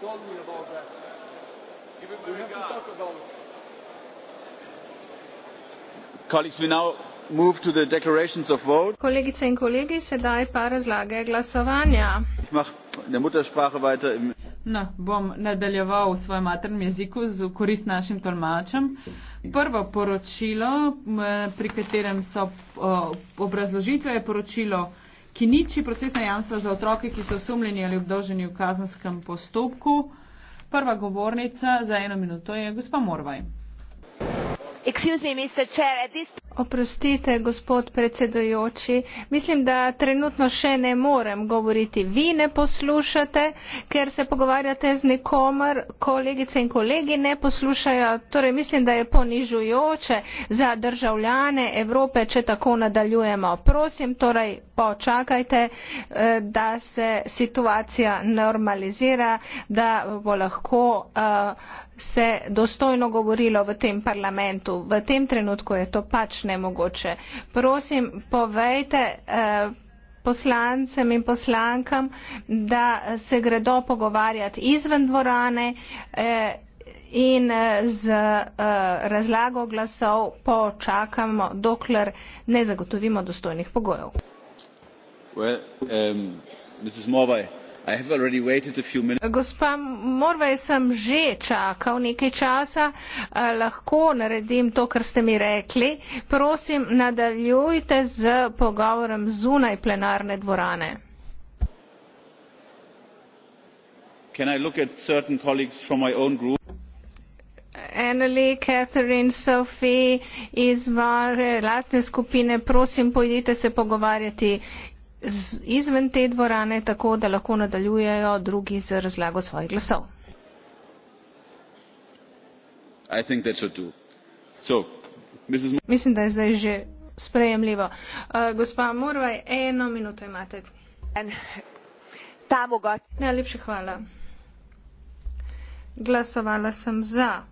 told me about that. Give him we regard. have to talk about it. Colleagues, we now move to the declarations of vote. Kolegice in kolegi, sedaj pa razlage glasovanja. No, bom nadaljeval v svojem maternem jeziku z korist našim tolmačem. Prvo poročilo, pri katerem so obrazložitve, je poročilo ki niči procesna jamstva za otroke, ki so osumljeni ali obdoženi v kazenskem postopku. Prva govornica za eno minuto je gospa Morvaj. Excuse me, Mr. Chair, at this point... Oprostite, gospod predsedujoči, mislim, da trenutno še ne morem govoriti. Vi ne poslušate, ker se pogovarjate z nikomer, kolegice in kolegi ne poslušajo. Torej, mislim, da je ponižujoče za državljane Evrope, če tako nadaljujemo. Prosim, torej, počakajte, eh, da se situacija normalizira, da bo lahko. Uh, se dostojno govorilo v tem parlamentu. V tem trenutku je to pač nemogoče. Prosim, povejte eh, poslancem in poslankam, da se gredo pogovarjati izven dvorane eh, in eh, z razlago glasov počakamo, dokler ne zagotovimo dostojnih pogojev. Well, um, gospa morvej sem že čakal nekaj časa eh, lahko naredim to kar ste mi rekli prosim nadaljujte z pogovorom zunaj plenarne dvorane Anneli, Catherine, Sophie iz vaše lastne skupine, prosim, pojdite se pogovarjati izven te dvorane, tako da lahko nadaljujejo drugi z razlago svojih glasov. So, Mislim, da je zdaj že sprejemljivo. Uh, gospa Morvaj, eno minuto imate. Najlepša hvala. Glasovala sem za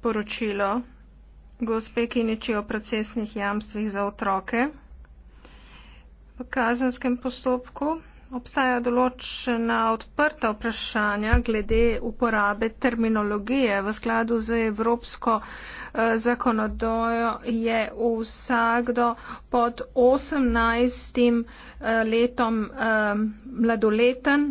poročilo gospe Kiniči o procesnih jamstvih za otroke v kazenskem postopku. Obstaja določena odprta vprašanja glede uporabe terminologije v skladu z evropsko eh, zakonodajo je vsakdo pod 18. Eh, letom eh, mladoleten.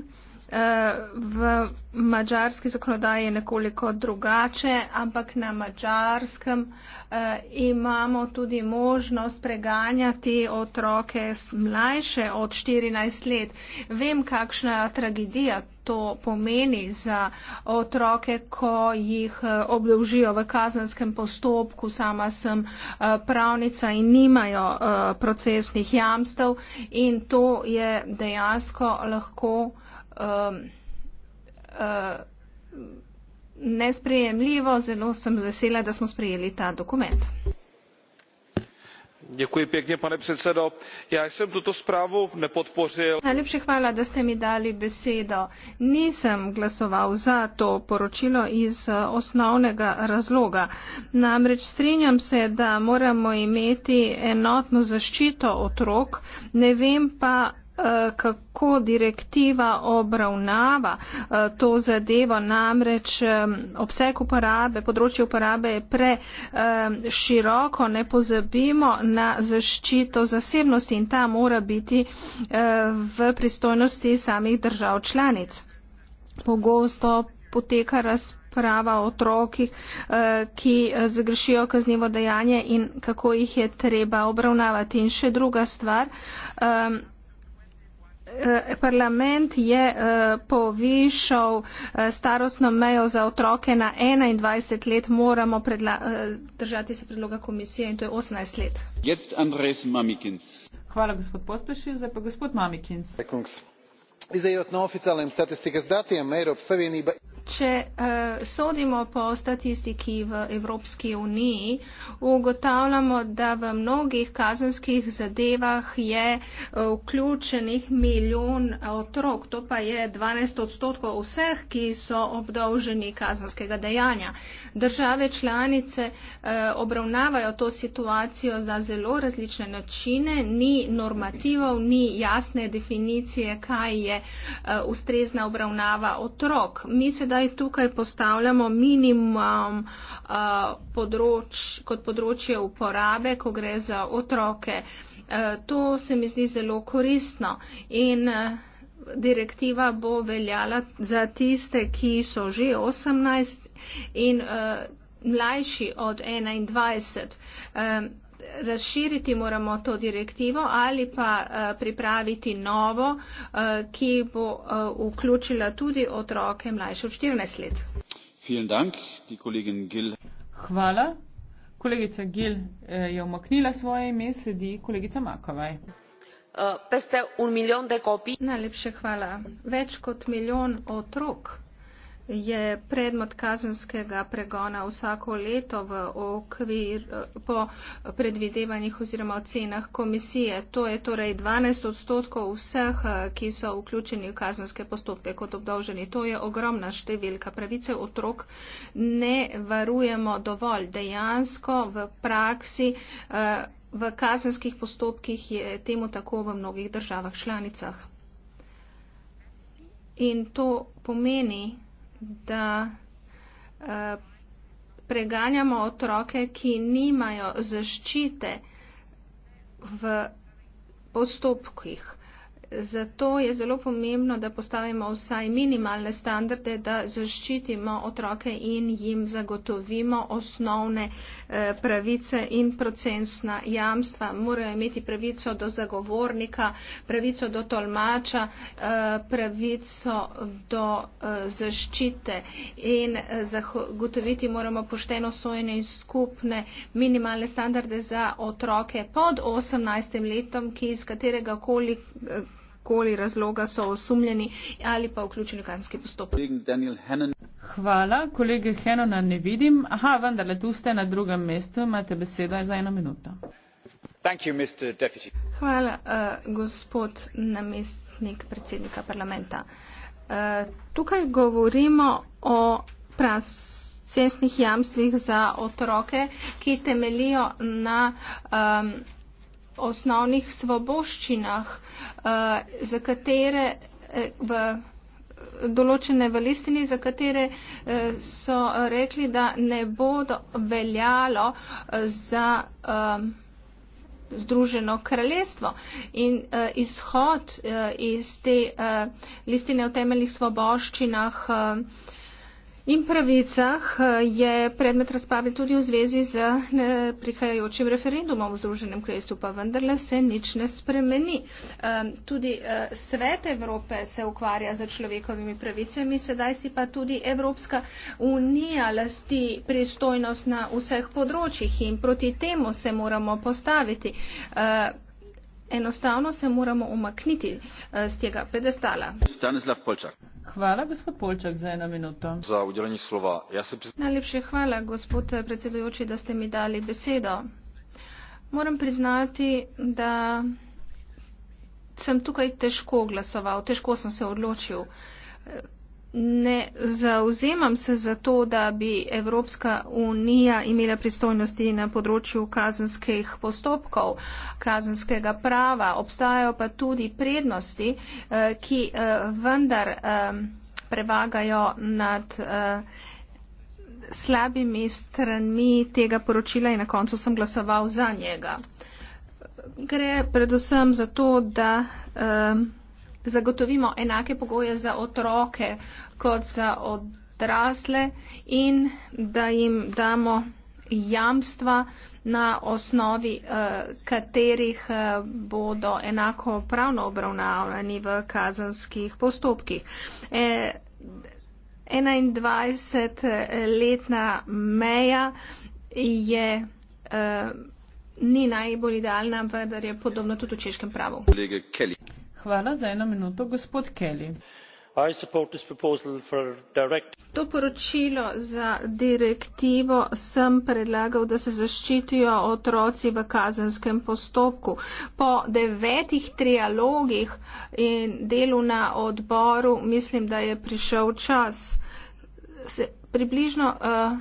Eh, v mačarski zakonodaji je nekoliko drugače, ampak na mačarskem eh, imamo tudi možnost preganjati otroke mlajše od 14 let. Vem, kakšna tragedija to pomeni za otroke, ko jih eh, obdolžijo v kazenskem postopku. Sama sem pravnica in nimajo procesnih jamstev in to je dejansko lahko Um, uh, nesprejemljivo. Zelo sem vesela, da smo sprejeli ta dokument. Děkuji pěkně, pane předsedo. Já jsem tuto zprávu nepodpořil. Najlepší chvála, da ste mi dali besedo. Nisem glasoval za to poročilo iz uh, osnovnega razloga. Namreč strinjam se, da moramo imeti enotno zaščito otrok, ne vem pa, Eh, kako direktiva obravnava eh, to zadevo, namreč obseg uporabe, področje uporabe je pre široko, ne pozabimo na zaščito zasebnosti in ta mora biti eh, v pristojnosti samih držav članic. Pogosto poteka razprava o otrokih, ki zagrešijo kaznivo dejanje in kako jih je treba obravnavati. In še druga stvar, Eh, parlament je eh, povišal eh, starostno mejo za otroke na 21 let, moramo držati se predloga komisije in to je 18 let. Jetzt Andres Mamikins. Hvala gospod Pospešil, zdaj pa gospod Mamikins. Izdajajo od neoficialnim statistikam datijem Evropske unije če uh, sodimo po statistiki v Evropski uniji, ugotavljamo, da v mnogih kazenskih zadevah je eh, vključenih milijon otrok. To pa je 12 odstotkov vseh, ki so obdolženi kazenskega dejanja. Države članice uh, obravnavajo to situacijo na zelo različne načine, ni normativov, ni jasne definicije, kaj je uh, ustrezna obravnava otrok. Mi se zdaj tukaj postavljamo minimum uh, področ, kot področje uporabe, ko gre za otroke. Uh, to se mi zdi zelo koristno in uh, direktiva bo veljala za tiste, ki so že 18 in uh, mlajši od 21. Uh, razširiti moramo to direktivo ali pa eh, pripraviti novo, eh, ki bo eh, vključila tudi otroke mlajše od 14 let. Hvala. Kolegica Gil je omaknila svoje ime, sledi kolegica Makovaj. Najlepše hvala. Več kot milijon otrok je predmet kazenskega pregona vsako leto v okvir po predvidevanjih oziroma ocenah komisije. To je torej 12 odstotkov vseh, ki so vključeni v kazenske postopke kot obdolženi. To je ogromna številka. Pravice otrok ne varujemo dovolj. Dejansko v praksi v kazenskih postopkih je temu tako v mnogih državah članicah. In to pomeni, da eh, preganjamo otroke, ki nimajo zaščite v postopkih zato je zelo pomembno, da postavimo vsaj minimalne standarde, da zaščitimo otroke in jim zagotovimo osnovne eh, pravice in procesna jamstva. Morajo imeti pravico do zagovornika, pravico do tolmača, eh, pravico do eh, zaščite in zagotoviti moramo pošteno sojene in skupne minimalne standarde za otroke pod 18 letom, ki iz katerega koli koli razloga so osumljeni ali pa vključeni v kazenski postopek. Hvala, kolege Henona ne vidim. Aha, vendar, tu ste na drugem mestu, imate besedo za eno minuto. You, Hvala, uh, gospod namestnik predsednika parlamenta. Uh, tukaj govorimo o prasesnih jamstvih za otroke, ki temelijo na um, osnovnih svoboščinah, eh, za katere eh, v določene v listini, za katere eh, so rekli, da ne bodo veljalo za Združeno kraljestvo. In izhod iz te listine o temeljnih svoboščinah in pravicah eh, je predmet razprave tudi v zvezi z eh, prihajajočim referendumom v Združenem kraljestvu, pa vendarle se nič ne spremeni. Tudi eh, svet Evrope se ukvarja za človekovimi pravicami, sedaj si pa tudi Evropska unija lasti pristojnost na vseh področjih in proti temu se moramo postaviti enostavno se moramo umakniti z eh, tega pedestala. Hvala, gospod Polčak, za eno minuto. Za udeljenje slova. Pri... Najlepše hvala, gospod eh, predsedujoči, da ste mi dali besedo. Moram priznati, da sem tukaj težko glasoval, težko sem se odločil. Eh, ne zauzemam se za to, da bi Evropska unija imela pristojnosti na področju kazenskih postopkov, kazenskega prava. Obstajajo pa tudi prednosti, eh, ki eh, vendar eh, prevagajo nad slabimi stranmi tega poročila in na koncu sem glasoval za njega. Gre predvsem za to, da um, zagotovimo enake pogoje za otroke kot za odrasle in da jim damo jamstva na osnovi eh, katerih eh, bodo enako pravno obravnavani v kazanskih postopkih. 21-letna e, meja je, eh, ni najbolj idealna, vendar je podobna tudi v češkem pravu. To poročilo za direktivo sem predlagal, da se zaščitijo otroci v kazenskem postopku. Po devetih trialogih in delu na odboru mislim, da je prišel čas. Se, približno uh,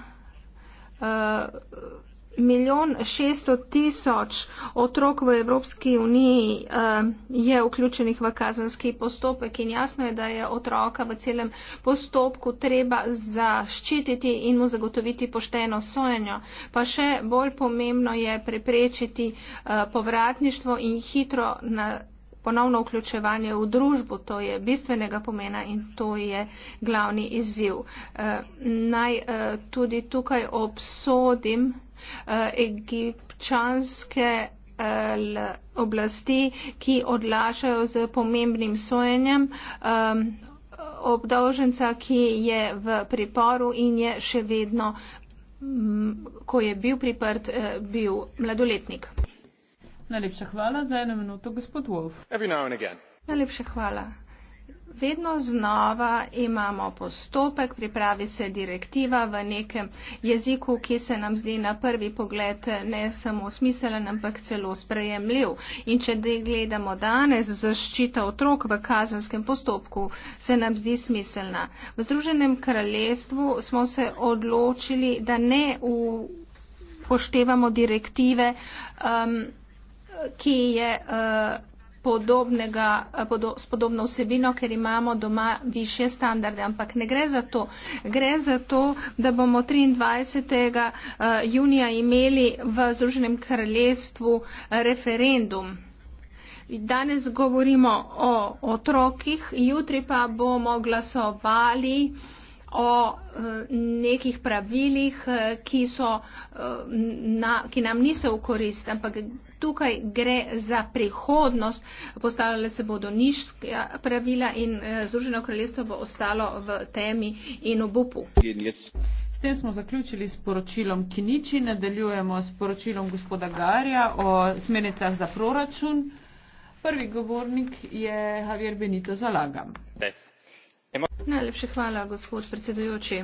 uh, milijon šeststo tisoč otrok v Evropski uniji eh, je vključenih v kazanski postopek in jasno je, da je otroka v celem postopku treba zaščititi in mu zagotoviti pošteno sojenjo. Pa še bolj pomembno je preprečiti eh, povratništvo in hitro na ponovno vključevanje v družbo, to je bistvenega pomena in to je glavni izziv. E, naj e, tudi tukaj obsodim Eh, egipčanske eh, oblasti, ki odlašajo z pomembnim sojenjem obdolženca, ki je v priporu in je še vedno, ko je bil priprt, eh, bil mladoletnik. Najlepša hvala za eno minuto, gospod Wolf. Najlepša hvala vedno znova imamo postopek, pripravi se direktiva v nekem jeziku, ki se nam zdi na prvi pogled ne samo smiselen, ampak celo sprejemljiv. In če gledamo danes zaščita otrok v kazenskem postopku, se nam zdi smiselna. V Združenem kraljestvu smo se odločili, da ne upoštevamo direktive, um, ki je. Uh, podobnega, podo, s podobno vsebino, ker imamo doma više standarde. Ampak ne gre za to. Gre za to, da bomo 23. Eh, junija imeli v Združenem kraljestvu eh, referendum. Danes govorimo o otrokih, jutri pa bomo glasovali o eh, nekih pravilih, eh, ki, so, eh, na, ki nam niso v korist, ampak tukaj gre za prihodnost. Postavljale se bodo nižja pravila in Združeno kraljestvo bo ostalo v temi in obupu. S tem smo zaključili s poročilom Kiniči, nadaljujemo s poročilom gospoda Garja o smernicah za proračun. Prvi govornik je Javier Benito Zalagam. Ne. Najlepša hvala, gospod predsedujoči.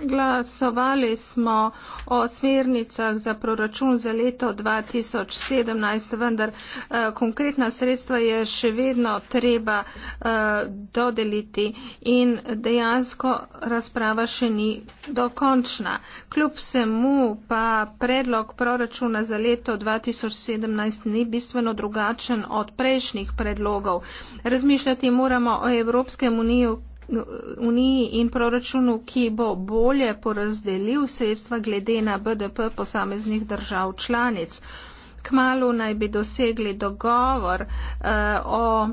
Glasovali smo o smernicah za proračun za leto 2017, vendar eh, konkretna sredstva je še vedno treba eh, dodeliti in dejansko razprava še ni dokončna. Kljub semu pa predlog proračuna za leto 2017 ni bistveno drugačen od prejšnjih predlogov. Razmišljati moramo o Evropskem uniju uniji in proračunu, ki bo bolje porazdelil sredstva glede na BDP posameznih držav članic. Kmalo naj bi dosegli dogovor eh, o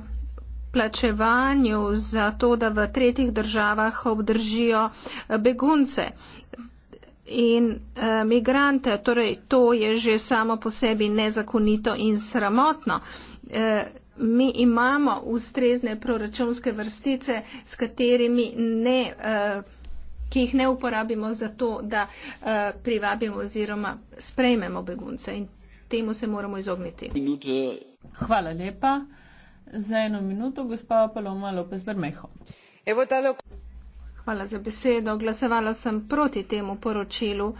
plačevanju za to, da v tretjih državah obdržijo eh, begunce in eh, migrante. Torej, to je že samo po sebi nezakonito in sramotno. Eh, mi imamo ustrezne proračunske vrstice, s katerimi ne, eh, ki jih ne uporabimo za to, da eh, privabimo oziroma sprejmemo begunce in temu se moramo izogniti. Hvala lepa. Za eno minuto gospa Paloma Lopez Bermeho. Hvala za besedo. Glasovala sem proti temu poročilu. Uh,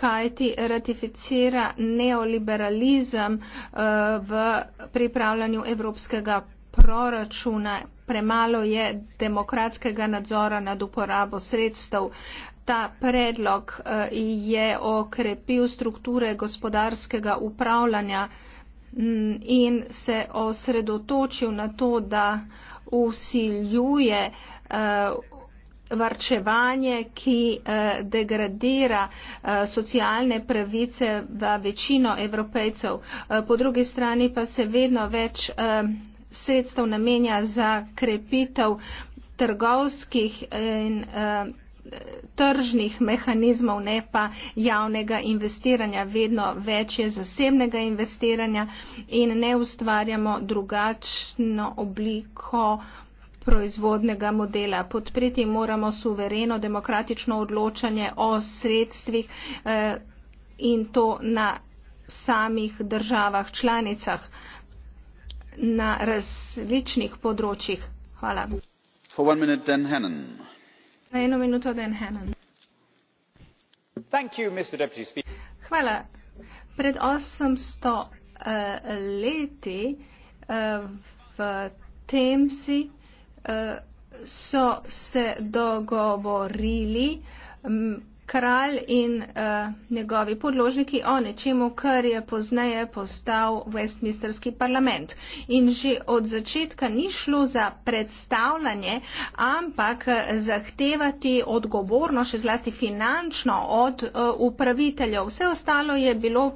kajti ratificira neoliberalizem eh, v pripravljanju evropskega proračuna. Premalo je demokratskega nadzora nad uporabo sredstev. Ta predlog eh, je okrepil strukture gospodarskega upravljanja mm, in se osredotočil na to, da usiljuje eh, varčevanje, ki eh, degradira eh, socialne pravice v večino evropejcev. Eh, po drugi strani pa se vedno več sredstev namenja za krepitev trgovskih in tržnih mehanizmov, ne pa javnega investiranja, vedno večje zasebnega investiranja in ne ustvarjamo drugačno obliko proizvodnega modela. Podpreti moramo suvereno demokratično odločanje o sredstvih eh, in to na samih državah članicah na različnih področjih. Hvala. For one minute, Dan Hannan. Na eno minuto, Dan Hannan. Thank you, Mr. Deputy Speaker. Hvala. Pred 800 uh, eh, leti uh, v Temsi Eh, so se dogovorili mm, kralj in eh, njegovi podložniki o nečemu, kar je pozneje postal Westminsterski parlament. In že od začetka ni šlo za predstavljanje, ampak eh, zahtevati odgovorno, še zlasti finančno od upraviteljev. Vse ostalo je bilo.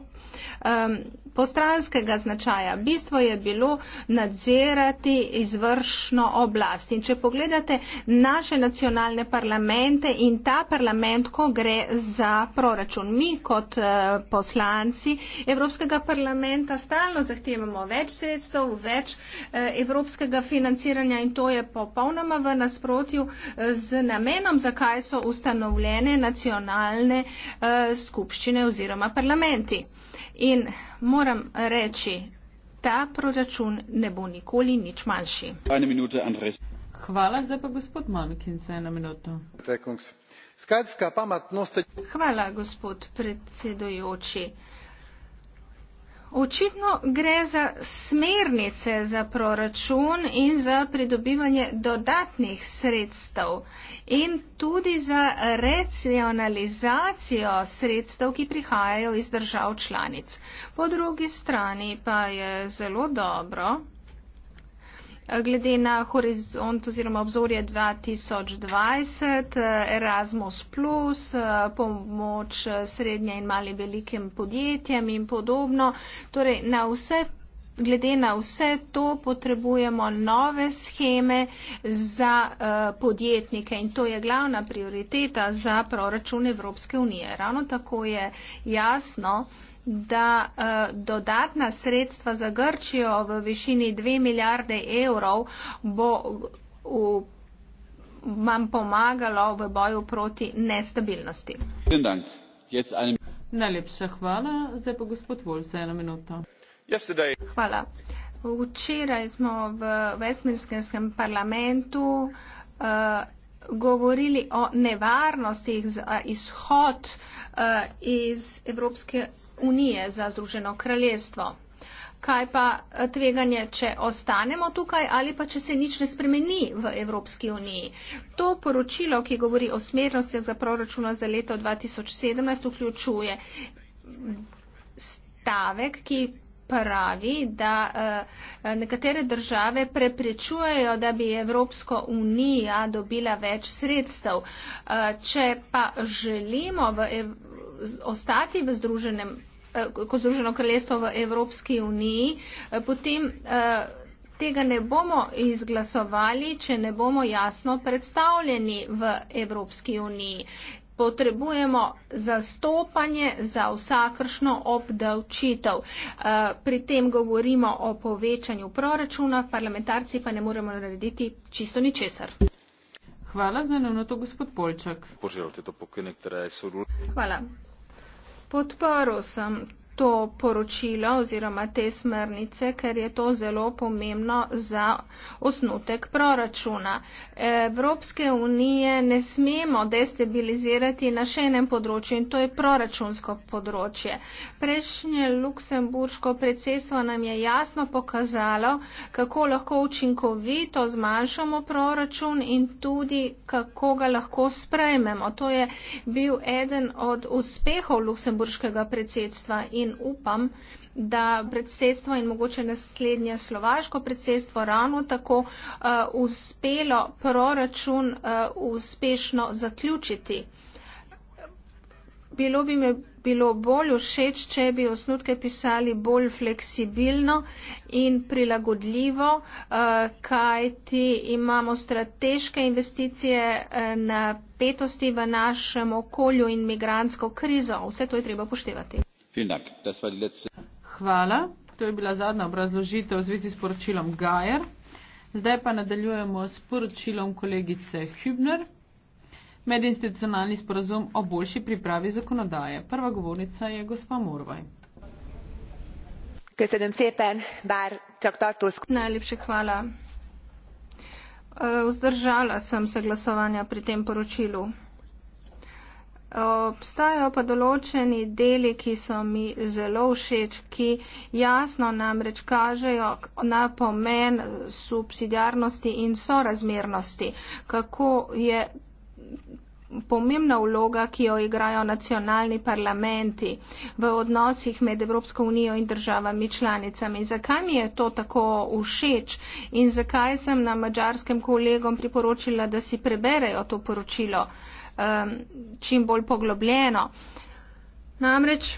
Um, postranskega značaja. Bistvo je bilo nadzirati izvršno oblast. In če pogledate naše nacionalne parlamente in ta parlament, ko gre za proračun, mi kot eh, poslanci Evropskega parlamenta stalno zahtevamo več sredstev, več eh, evropskega financiranja in to je popolnoma v nasprotju eh, z namenom, zakaj so ustanovljene nacionalne skupščine oziroma parlamenti. In moram reči, ta proračun ne bo nikoli nič manjši. Hvala, zdaj pa gospod Malkin za eno minuto. Hvala, gospod predsedujoči. Očitno gre za smernice za proračun in za pridobivanje dodatnih sredstev in tudi za racionalizacijo sredstev, ki prihajajo iz držav članic. Po drugi strani pa je zelo dobro, Glede na horizont oziroma obzorje 2020, Erasmus, plus, pomoč srednje in mali velikim podjetjem in podobno. Torej, na vse, glede na vse to potrebujemo nove scheme za podjetnike in to je glavna prioriteta za proračun Evropske unije. Ravno tako je jasno, da eh, dodatna sredstva za Grčijo v višini 2 milijarde evrov bo v vam pomagalo v boju proti nestabilnosti. Najlepša hvala. Zdaj pa gospod Volj za eno minuto. Ja, hvala. Včeraj smo v Vestminskem parlamentu uh, govorili o nevarnostih za izhod eh, iz Evropske unije za Združeno kraljestvo. Kaj pa eh, tveganje, če ostanemo tukaj ali pa če se nič ne spremeni v Evropski uniji? To poročilo, ki govori o smernosti za proračuno za leto 2017, vključuje stavek, ki pravi, da eh, nekatere države preprečujejo, da bi Evropsko unija dobila več sredstev. Eh, če pa želimo v, ostati v združenem, eh, kot Združeno kraljestvo v Evropski uniji, potem tega ne bomo izglasovali, če ne bomo jasno predstavljeni v Evropski uniji potrebujemo zastopanje za vsakršno obdavčitev. Eh, pri tem govorimo o povečanju proračuna, parlamentarci pa ne moremo narediti čisto ničesar. Hvala za eno to, gospod Polčak. Hvala. Podporil sem to poročilo oziroma te smernice, ker je to zelo pomembno za osnutek proračuna. Evropske unije ne smemo destabilizirati na še enem področju in to je proračunsko področje. Prejšnje luksemburško predsedstvo nam je jasno pokazalo, kako lahko učinkovito zmanjšamo proračun in tudi kako ga lahko sprejmemo. To je bil eden od uspehov luksemburškega predsedstva. In in upam, da predsedstvo in mogoče naslednje slovaško predsedstvo ravno tako uh, uspelo proračun uh, uspešno zaključiti. Bilo bi mi bilo bolj všeč, če bi osnutke pisali bolj fleksibilno in prilagodljivo, eh, kaj ti imamo strateške investicije napetosti v našem okolju in migransko krizo. Vse to je treba poštevati. Hvala. To je bila zadnja obrazložitev v zvezi s poročilom Gajer. Zdaj pa nadaljujemo s poročilom kolegice Hübner. Medinstitucionalni sporozum o boljši pripravi zakonodaje. Prva govornica je gospa Morvaj. Najlepše hvala. Vzdržala sem se glasovanja pri tem poročilu. Obstajajo pa določeni deli, ki so mi zelo všeč, ki jasno namreč kažejo na pomen subsidijarnosti in sorazmernosti, kako je pomembna vloga, ki jo igrajo nacionalni parlamenti v odnosih med Evropsko unijo in državami članicami. Zakaj mi je to tako všeč in zakaj sem na mačarskem kolegom priporočila, da si preberejo to poročilo? um, čim bolj poglobljeno. Namreč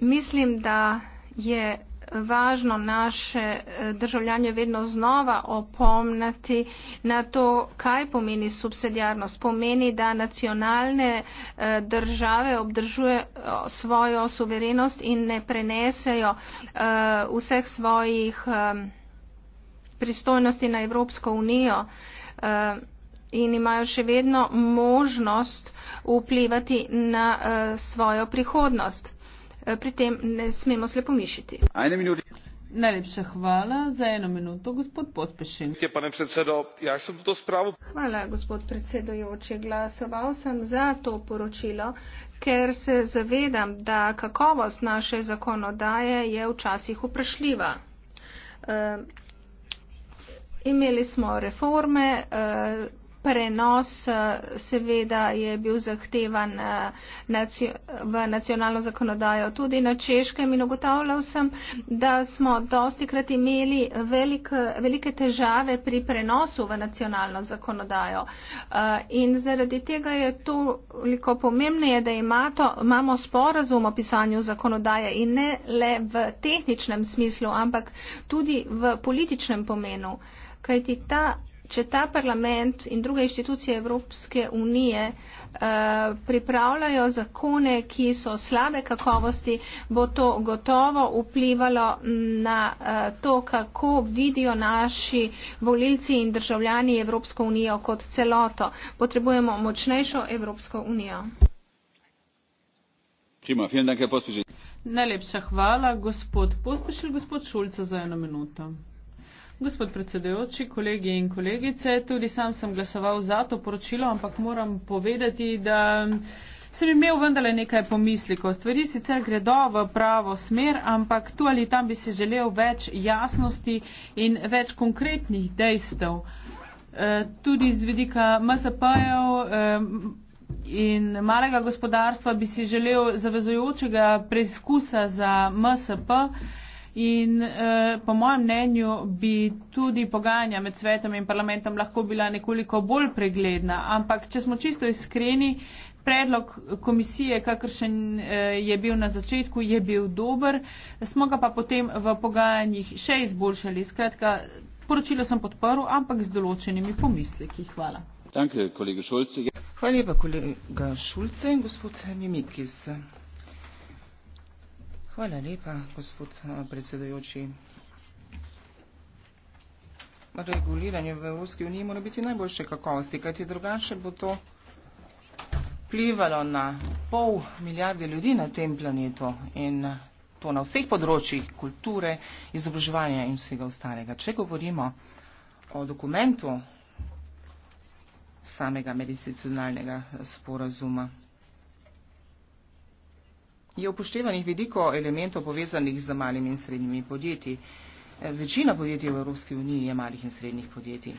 mislim, da je važno naše eh, državljanje vedno znova opomniti na to, kaj pomeni subsidijarnost. Pomeni, da nacionalne eh, države obdržuje eh, svojo suverenost in ne prenesejo vseh svojih pristojnosti na Evropsko unijo in imajo še vedno možnost vplivati na eh, svojo prihodnost. Eh, pri tem ne smemo slepo mišiti. Najlepša hvala za eno minuto, gospod Pospešin. Ja, hvala, gospod predsedojoči. Glasoval sem za to poročilo, ker se zavedam, da kakovost naše zakonodaje je včasih vprašljiva. Uh, imeli smo reforme, uh, prenos eh, seveda je bil zahtevan eh, v nacionalno zakonodajo tudi na češkem in ugotavljal sem, da smo dosti krat imeli velik, velike težave pri prenosu v nacionalno zakonodajo. Eh, in zaradi tega je toliko pomembneje, da imato, imamo sporazum o pisanju zakonodaje in ne le v tehničnem smislu, ampak tudi v političnem pomenu. Kajti ta če ta parlament in druge inštitucije Evropske unije uh, pripravljajo zakone, ki so slabe kakovosti, bo to gotovo vplivalo na uh, to, kako vidijo naši volilci in državljani Evropsko unijo kot celoto. Potrebujemo močnejšo Evropsko unijo. Prima, Najlepša hvala, gospod Pospešil, gospod Šulca za eno minuto. Gospod predsedujoči, kolegi in kolegice, tudi sam sem glasoval za to poročilo, ampak moram povedati, da sem imel vendarle nekaj pomislikov. Stvari sicer gredo v pravo smer, ampak tu ali tam bi si želel več jasnosti in več konkretnih dejstev. E, tudi z vidika MSP-jev e, in malega gospodarstva bi si želel zavezujočega preizkusa za MSP. In eh, po mojem mnenju bi tudi pogajanja med svetom in parlamentom lahko bila nekoliko bolj pregledna. Ampak, če smo čisto iskreni, predlog komisije, kakršen eh, je bil na začetku, je bil dober. Smo ga pa potem v pogajanjih še izboljšali. Skratka, poročilo sem podporil, ampak z določenimi pomisleki. Hvala. Danke, Hvala lepa, kolega Šulce. Gospod Mimikis. Hvala lepa, gospod eh, predsedajoči. Reguliranje v Evropski uniji mora biti najboljše kakovosti, kajti drugače bo to plivalo na pol milijarde ljudi na tem planetu in eh, to na vseh področjih kulture, izobraževanja in vsega ostalega. Če govorimo o dokumentu samega medinstitucionalnega sporazuma, je upoštevanih veliko elementov povezanih z malimi in srednjimi podjetji. E, večina podjetij v Evropski uniji je malih in srednjih podjetij.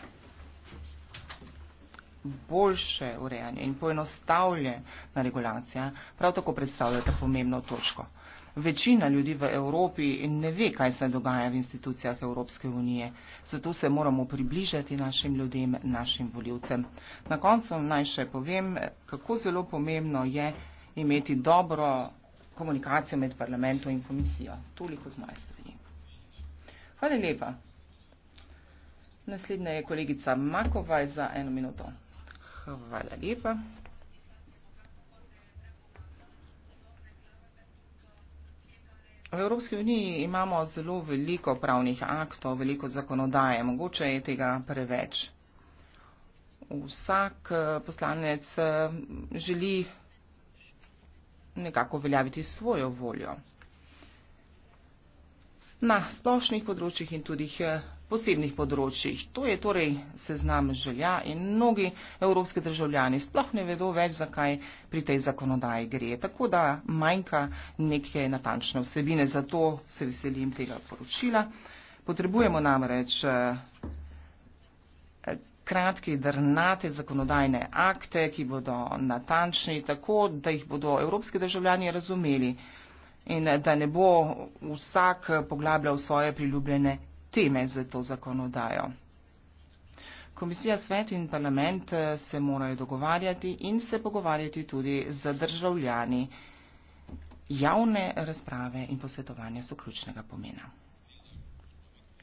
Boljše urejanje in poenostavljena regulacija prav tako predstavljata pomembno točko. Večina ljudi v Evropi ne ve, kaj se dogaja v institucijah Evropske unije, zato se moramo približati našim ljudem, našim voljivcem. Na koncu naj še povem, kako zelo pomembno je imeti dobro komunikacijo med parlamentom in komisijo. Toliko z moje strani. Hvala lepa. Naslednja je kolegica Makovaj za eno minuto. Hvala lepa. V Evropski uniji imamo zelo veliko pravnih aktov, veliko zakonodaje, mogoče je tega preveč. Vsak eh, poslanec eh, želi nekako uveljaviti svojo voljo. Na splošnih področjih in tudi eh, posebnih področjih. To je torej seznam želja in mnogi evropski državljani sploh ne vedo več, zakaj pri tej zakonodaji gre. Tako da manjka neke natančne vsebine, zato se veselim tega poročila. Potrebujemo namreč eh, kratke, drnate zakonodajne akte, ki bodo natančni, tako da jih bodo evropski državljani razumeli in da ne bo vsak poglabljal svoje priljubljene teme za to zakonodajo. Komisija, svet in parlament eh, se morajo dogovarjati in se pogovarjati tudi z državljani. Javne razprave in posvetovanje so ključnega pomena.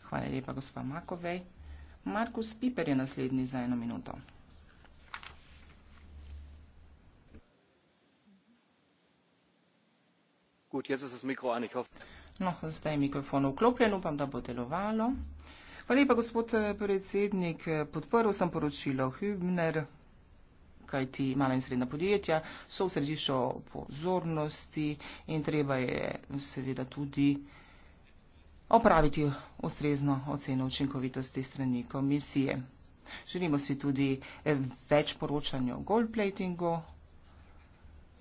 Hvala lepa, gospa Makovej. Markus Piper je naslednji za eno minuto. Gut, mikro, no, zdaj je mikrofon vklopljen, upam, da bo delovalo. Hvala lepa, gospod eh, predsednik. Eh, podprl sem poročilo Hübner, kajti mala in srednja podjetja so v središču pozornosti in treba je seveda tudi opraviti ustrezno oceno učinkovitosti strani komisije. Želimo si tudi eh, več poročanja o goldplatingu.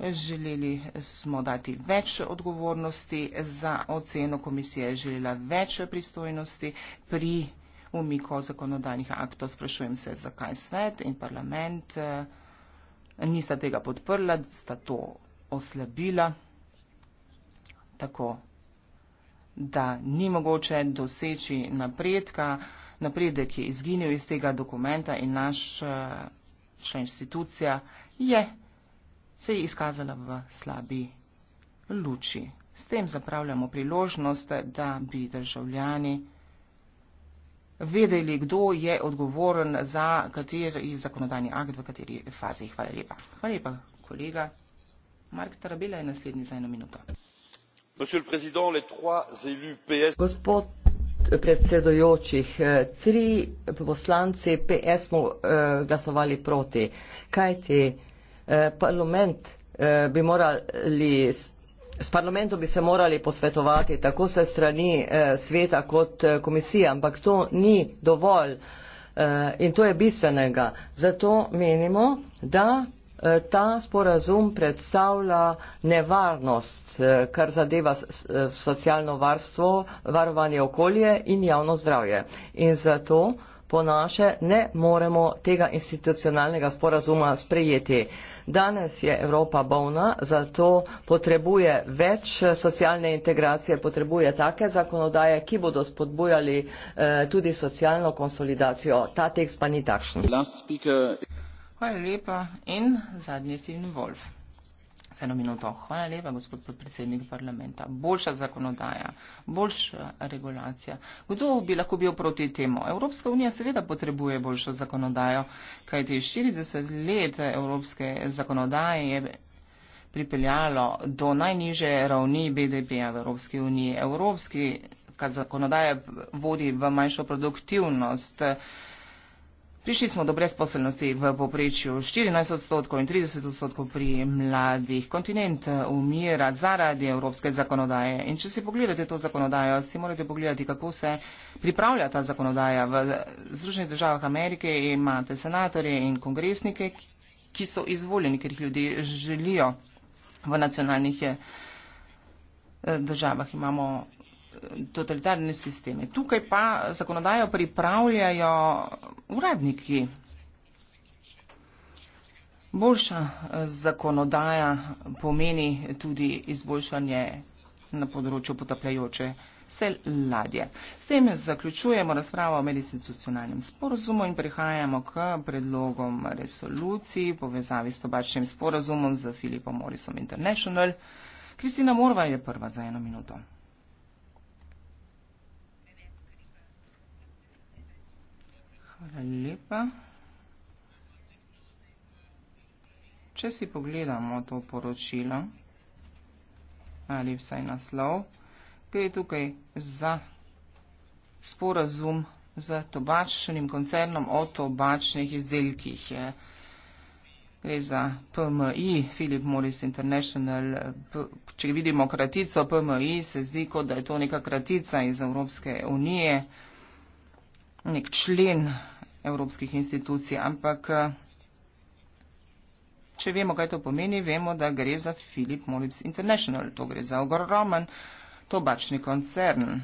Želeli smo dati več odgovornosti za oceno komisije, želela več pristojnosti pri umiku zakonodajnih aktov. Sprašujem se, zakaj svet in parlament eh, nista tega podprla, sta to oslabila. Tako da ni mogoče doseči napredka. Napredek je izginil iz tega dokumenta in eh, naša inštitucija je se je izkazala v slabi luči. S tem zapravljamo priložnost, da bi državljani vedeli, kdo je odgovoren za kateri zakonodajni akt, v kateri fazi. Hvala lepa. Hvala lepa, kolega. Mark Tarabela je naslednji za eno minuto monsieur le président les trois élus ps predsedujočih eh, tri poslanci ps smo uh, glasovali proti kajti uh, parlament uh, bi morali s parlamentom bi se morali posvetovati tako se strani uh, sveta kot uh, komisije ampak to ni dovolj uh, in to je bistvenega zato menimo da Eh, ta sporazum predstavlja nevarnost, eh, kar zadeva socialno varstvo, varovanje okolje in javno zdravje. In zato po naše ne moremo tega institucionalnega sporazuma sprejeti. Danes je Evropa bolna, zato potrebuje več eh, socialne integracije, potrebuje take zakonodaje, ki bodo spodbujali eh, tudi socialno konsolidacijo. Ta tekst pa ni takšen. Hvala lepa. In zadnji je Steven Wolf. Za eno minuto. Hvala lepa, gospod podpredsednik parlamenta. Boljša zakonodaja, boljša regulacija. Kdo bi lahko bil proti temu? Evropska unija seveda potrebuje boljšo zakonodajo, kajti 40 let evropske zakonodaje je pripeljalo do najniže ravni BDP-ja v Evropski uniji. Evropski, kar zakonodaja vodi v manjšo produktivnost. Prišli smo do brezposelnosti v poprečju 14 odstotkov in 30 odstotkov pri mladih. Kontinent eh, umira zaradi evropske zakonodaje. In če si pogledate to zakonodajo, si morate pogledati, kako se pripravlja ta zakonodaja. V eh, Združenih državah Amerike imate senatorje in kongresnike, ki so izvoljeni, ker jih ljudje želijo v nacionalnih eh, državah. Imamo totalitarne sisteme. Tukaj pa zakonodajo pripravljajo uradniki. Boljša eh, zakonodaja pomeni tudi izboljšanje na področju potapljajoče se ladje. S tem zaključujemo razpravo o medinstitucionalnem sporozumu in prihajamo k predlogom resoluciji povezavi s tobačnim sporozumom z Filipom Morrisom International. Kristina Morva je prva za eno minuto. Hvala lepa. Če si pogledamo to poročilo, ali vsaj naslov, gre tukaj za sporazum z tobačnim koncernom o tobačnih izdelkih. Gre za PMI, Philip Morris International. Če vidimo kratico PMI, se zdi, kot da je to neka kratica iz Evropske unije nek člen evropskih institucij, ampak eh, če vemo, kaj to pomeni, vemo, da gre za Philip Morris International. To gre za ogromen tobačni koncern.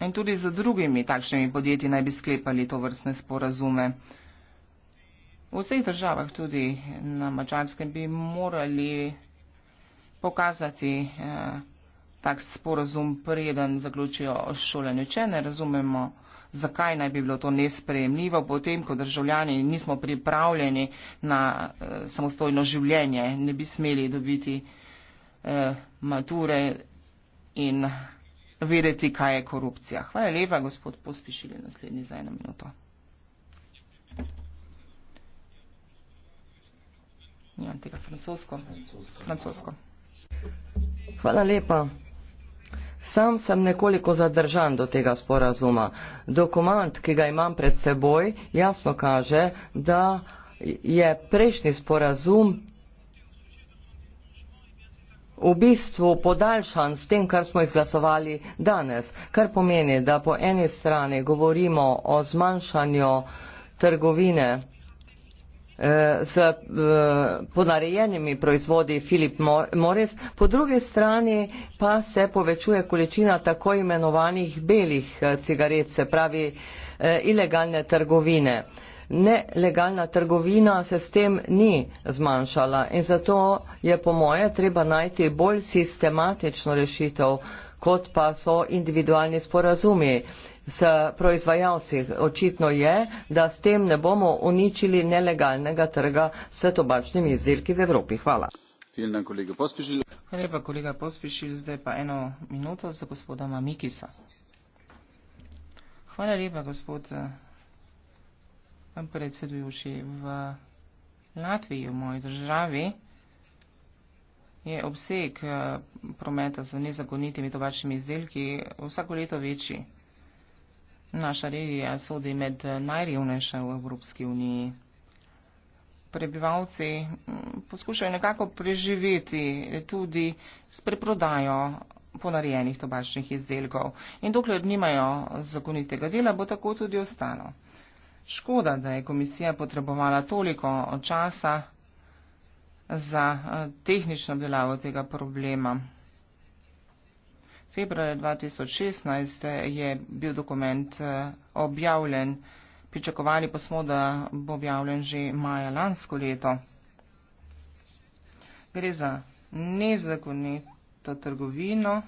In tudi z drugimi takšnimi podjetji naj bi sklepali to vrstne sporazume. V vseh državah, tudi na mačarskem, bi morali pokazati eh, tak sporazum, preden zaključijo šolanje. Če ne razumemo, zakaj naj bi bilo to nesprejemljivo, potem, ko državljani nismo pripravljeni na eh, samostojno življenje, ne bi smeli dobiti eh, mature in vedeti, kaj je korupcija. Hvala lepa, gospod Pospišili, naslednji za eno minuto. Nimam tega francosko. Francosko. francosko. Hvala lepa. Sam sem nekoliko zadržan do tega sporazuma. Dokument, ki ga imam pred seboj, jasno kaže, da je prejšnji sporazum v bistvu podaljšan s tem, kar smo izglasovali danes, kar pomeni, da po eni strani govorimo o zmanjšanju trgovine s eh, ponarejenimi proizvodi Filip Mores, po drugi strani pa se povečuje količina tako imenovanih belih eh, cigaret, se pravi eh, ilegalne trgovine. Nelegalna trgovina se s tem ni zmanjšala in zato je po moje treba najti bolj sistematično rešitev, kot pa so individualni sporazumi s proizvajalci. Očitno je, da s tem ne bomo uničili nelegalnega trga s tobačnimi izdelki v Evropi. Hvala. Hvala kolega Pospišil, zdaj pa eno minuto za gospoda Mamikisa. Hvala lepa, gospod predsedujoči. V Latviji, v moji državi, je obseg eh, prometa z nezakonitimi tobačnimi izdelki vsako leto večji. Naša regija sodi med najrevnejše v Evropski uniji. Prebivalci mm, poskušajo nekako preživeti tudi s preprodajo ponarejenih tobačnih izdelkov. In dokler nimajo zakonitega dela, bo tako tudi ostalo. Škoda, da je komisija potrebovala toliko časa za eh, tehnično obdelavo tega problema februarja 2016 je bil dokument eh, objavljen. Pričakovali pa smo, da bo objavljen že maja lansko leto. Gre za nezakonito trgovino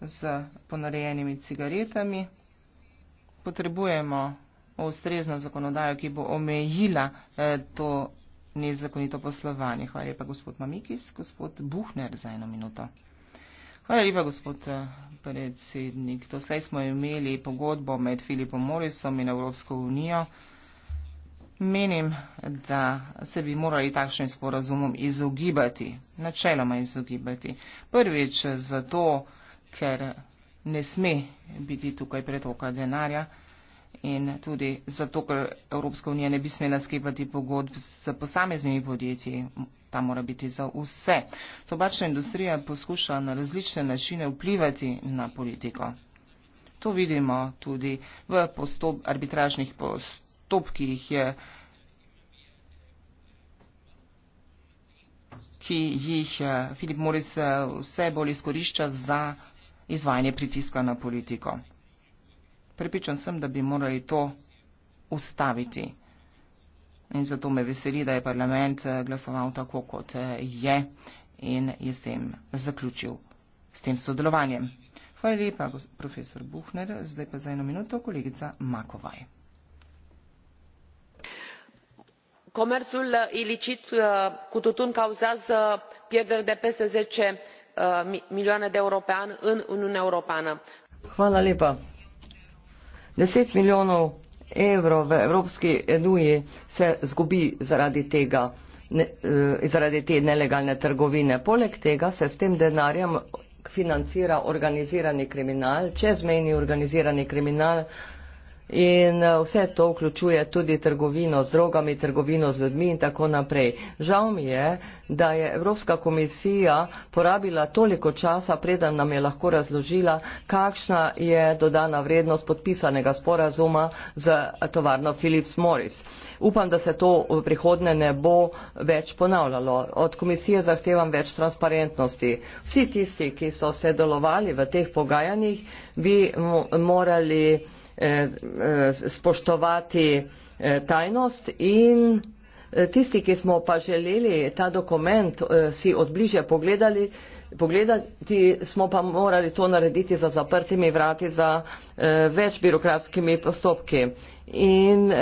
z ponarejenimi cigaretami. Potrebujemo ustrezno zakonodajo, ki bo omejila eh, to nezakonito poslovanje. Hvala lepa, gospod Mamikis, gospod Buhner za eno minuto. Hvala lepa, gospod eh, predsednik. Doslej smo imeli pogodbo med Filipom Morrisom in Evropsko unijo. Menim, da se bi morali takšnim sporazumom izogibati, načeloma izogibati. Prvič zato, ker ne sme biti tukaj pretoka denarja. In tudi zato, ker Evropska unija ne bi smela skepati pogodb s posameznimi podjetji, ta mora biti za vse. Tobačna industrija poskuša na različne načine vplivati na politiko. To vidimo tudi v postop, arbitražnih postopkih, ki jih Filip Moris vse bolj izkorišča za izvajanje pritiska na politiko. Prepričan sem, da bi morali to ustaviti. In zato me veseli, da je parlament eh, glasoval tako, kot eh, je in je s tem zaključil, s tem sodelovanjem. Hvala lepa, profesor Buhner. Zdaj pa za eno minuto kolegica Makovaj. Comerțul ilicit uh, cu tutun cauzează pierderi de peste 10 uh, milioane de euro pe an în Uniunea Europeană. Hvala lepa. 10 milijonov evrov v Evropski enuji se zgubi zaradi tega, ne, eh, zaradi te nelegalne trgovine. Poleg tega se s tem denarjem financira organizirani kriminal, čezmejni organizirani kriminal, In eh, vse to vključuje tudi trgovino z drogami, trgovino z ljudmi in tako naprej. Žal mi je, da je Evropska komisija porabila toliko časa, preden nam je lahko razložila, kakšna je dodana vrednost podpisanega sporazuma z eh, tovarno Philips Morris. Upam, da se to v prihodne ne bo več ponavljalo. Od komisije zahtevam več transparentnosti. Vsi tisti, ki so sedelovali v teh pogajanjih, bi morali Eh, eh, spoštovati eh, tajnost in tisti, ki smo pa želeli ta dokument si od bliže pogledali, pogledati, smo pa morali to narediti za zaprtimi vrati, za več birokratskimi postopki. In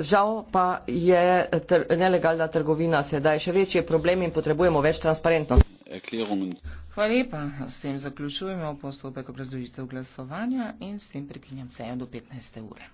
žal pa je nelegalna trgovina sedaj še večji problem in potrebujemo več transparentnosti. Erklärungen. Hvala lepa. S tem zaključujemo postopek obrazložitev glasovanja in s tem prekinjam sejo do 15. ure.